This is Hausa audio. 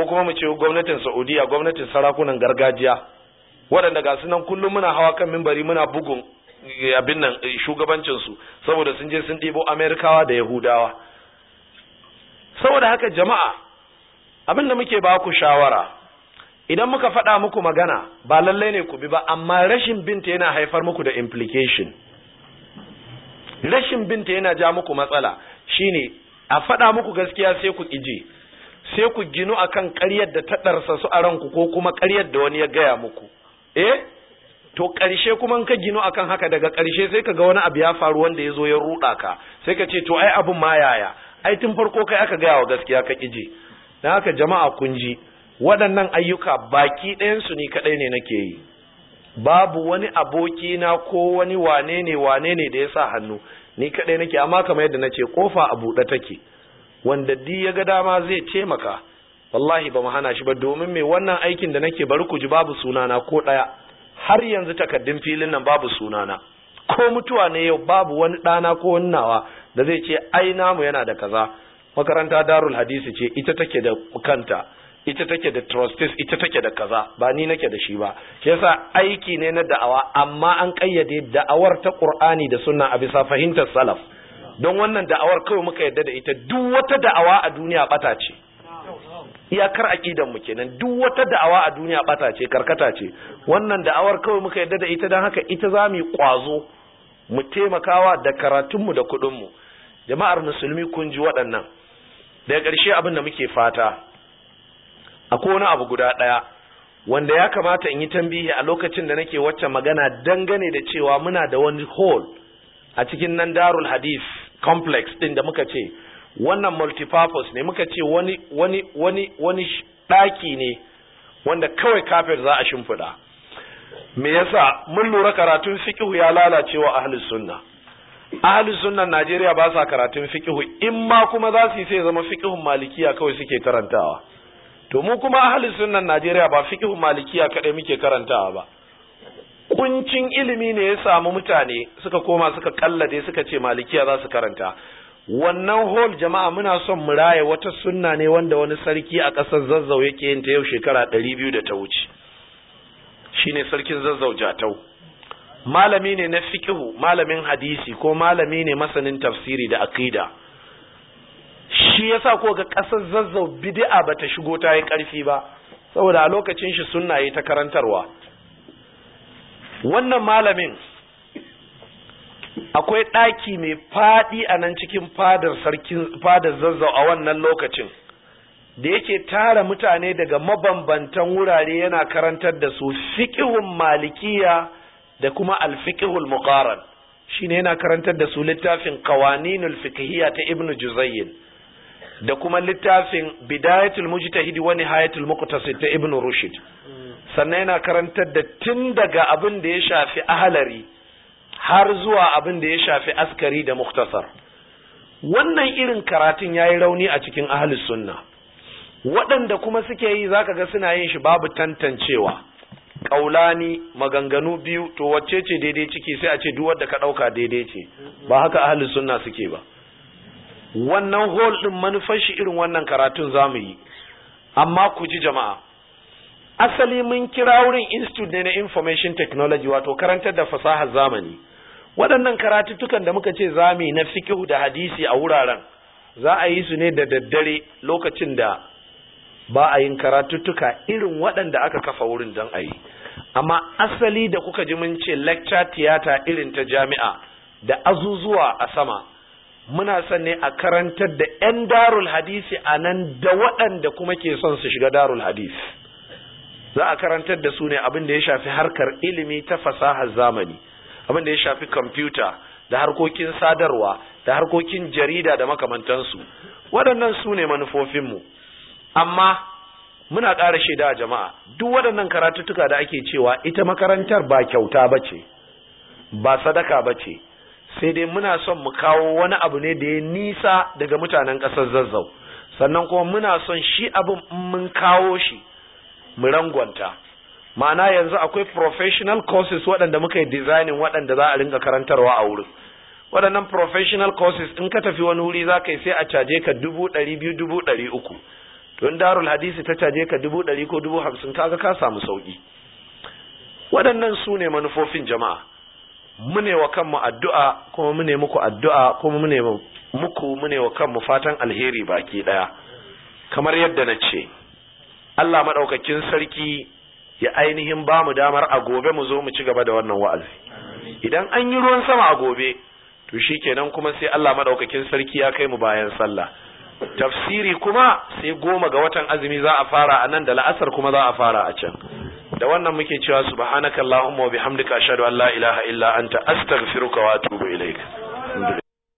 ko kuma mu ce gwamnatin saudiya gwamnatin sarakunan gargajiya waɗanda ga sunan kullum muna hawa kan mimbari muna bugun eh, abin nan eh, su saboda sun je sun ɗibo amerikawa da yahudawa saboda haka jama'a abin da muke ba ku shawara idan muka faɗa muku magana ba lallai ne ku bi ba amma rashin binta yana haifar muku da implication rashin binta yana ja muku matsala shine a faɗa muku gaskiya sai ku ije sai ku ginu akan ƙaryar da ta ɗarsa su a ranku ko kuma ƙaryar da wani ya gaya muku eh to ƙarshe kuma in ka ginu akan haka daga ƙarshe sai ka ga wani abu ya faru wanda ya zo ya ruɗa ka sai ka ce to ai abin ma yaya ai tun farko kai aka gaya wa gaskiya ka ƙije Na haka jama'a kun ji waɗannan ayyuka baki ɗayansu ni kaɗai ne nake yi babu wani aboki na ko wani wane ne wane ne da ya sa hannu ni kaɗai nake amma kamar yadda na ce kofa a buɗe take wanda di ya ga dama zai ce maka wallahi ba mu hana shi ba domin me wannan aikin da nake bari ku ji babu sunana ko ɗaya har yanzu takaddun filin nan babu sunana ko mutuwa ne yau babu wani ɗana ko wani nawa da zai ce ai namu yana da kaza makaranta darul hadisi ce ita take da kanta ita take da trustees ita take da kaza ba ni nake da shi ba shi yasa aiki ne na da'awa amma an kayyade da'awar ta Qur'ani da Sunna a bisa fahimtar salaf don wannan da'awar kawai muka yarda da ita duk wata da'awa a duniya bata ce iyakar aqidan mu kenan duk wata da'awa a duniya bata ce karkata ce wannan da'awar kawai muka yarda da ita don haka ita zamu yi kwazo mu taimakawa da karatun mu da kudin mu jama'ar musulmi kun ji waɗannan daga ƙarshe abin da muke fata akwai wani abu guda ɗaya wanda ya kamata in yi tambihi a lokacin da nake wacce magana dangane da cewa muna da wani hole a cikin nan darul hadith complex din da muka ce wannan multipurpose ne muka ce wani wani wani wani daki ne wanda kawai kafir za a shimfida me yasa mun lura karatun fiƙihu ya lalace wa ahlus sunna ahlus sunna Najeriya ba sa karatun fiƙihu, in ma kuma za su sai zama fiqh malikiya kawai suke karantawa to mu kuma ahlus sunna Najeriya ba fiqh malikiya kadai muke karantawa ba kuncin ilimi ne ya samu mutane suka koma suka kallade suka ce malikiya za su karanta wannan hol jama'a muna son mu raya wata sunna ne wanda wani sarki a ƙasar zazzau yake yin ta yau shekara ɗari biyu da ta wuce shine sarkin zazzau jatau malami ne na fikihu malamin hadisi ko malami ne masanin tafsiri da aqida shi yasa ko ga ƙasar zazzau bid'a bata shigo ta yi ƙarfi ba saboda a lokacin shi sunna yi ta karantarwa wannan malamin akwai ɗaki mai faɗi a nan cikin fadar sarkin fadar zazzau a wannan lokacin da yake tara mutane daga mabambantan wurare yana karantar da su fiƙihun malikiya da kuma alfiƙihul muqaran shine yana karantar da su littafin qawaninul fiqhiyya ta ibnu juzayyin da kuma littafin bidayatul mujtahidi wa nihayatul muqtasid ta ibnu rushd sannan yana karantar da tun daga abin da ya shafi ahalari har zuwa abin da ya shafi askari da muktasar wannan irin karatun ya yi rauni a cikin ahalus sunna waɗanda kuma suke yi zaka ga suna yin shi babu tantancewa ƙaulani maganganu biyu to wacce ce daidai ciki sai a ce duk wadda ka ɗauka daidai ce ba haka ahalus sunna suke ba wannan hol ɗin manufar shi irin wannan karatun zamu yi amma ku ji jama'a asali mun kira wurin institute ne na information technology wato karantar da fasahar zamani waɗannan karatuttukan da muka ce zami na fikihu da hadisi a wuraren za a yi su ne da daddare lokacin da ba a yin karatuttuka irin waɗanda aka kafa wurin don a yi amma asali da kuka ji mun ce lecture theater irin ta jami'a da azuzuwa a sama muna son ne a karantar da 'yan darul hadisi a nan da waɗanda kuma ke son su shiga darul hadisi za a karantar da su ne abin da ya shafi harkar ilimi ta fasahar zamani abin da ya shafi kwamfuta da harkokin sadarwa da harkokin jarida da makamantansu waɗannan su ne manufofinmu amma muna ƙara shaida a jama'a duk waɗannan karatuttuka da ake cewa ita makarantar ba kyauta ba ce ba sadaka ba ce sai dai muna son mu kawo wani abu ne da ya nisa daga mutanen ƙasar zazzau sannan kuma muna son shi abin mun kawo shi mu rangwanta ma'ana yanzu akwai professional courses waɗanda muka yi designing waɗanda za a ringa karantarwa a wurin waɗannan professional courses in ka tafi wani wuri za ka yi sai a caje ka dubu ɗari biyu dubu ɗari uku don darul hadisi ta caje ka dubu ɗari ko dubu hamsin kaga ka samu sauƙi waɗannan su ne manufofin jama'a mune wa kanmu addu'a kuma mu ne muku addu'a kuma ne muku mune wa kanmu fatan alheri baki ɗaya kamar yadda na ce Allah maɗaukakin sarki ya ainihin ba mu damar a gobe mu zo mu ci gaba da wannan wa'azi idan an yi ruwan sama a gobe to shikenan kuma sai Allah maɗaukakin sarki ya kai mu bayan sallah tafsiri kuma sai goma ga watan azumi za a fara a nan da la'asar kuma za a fara a can da wannan muke cewa subhanakallahumma wa bihamdika ashhadu an la ilaha illa anta astaghfiruka wa atubu ilaik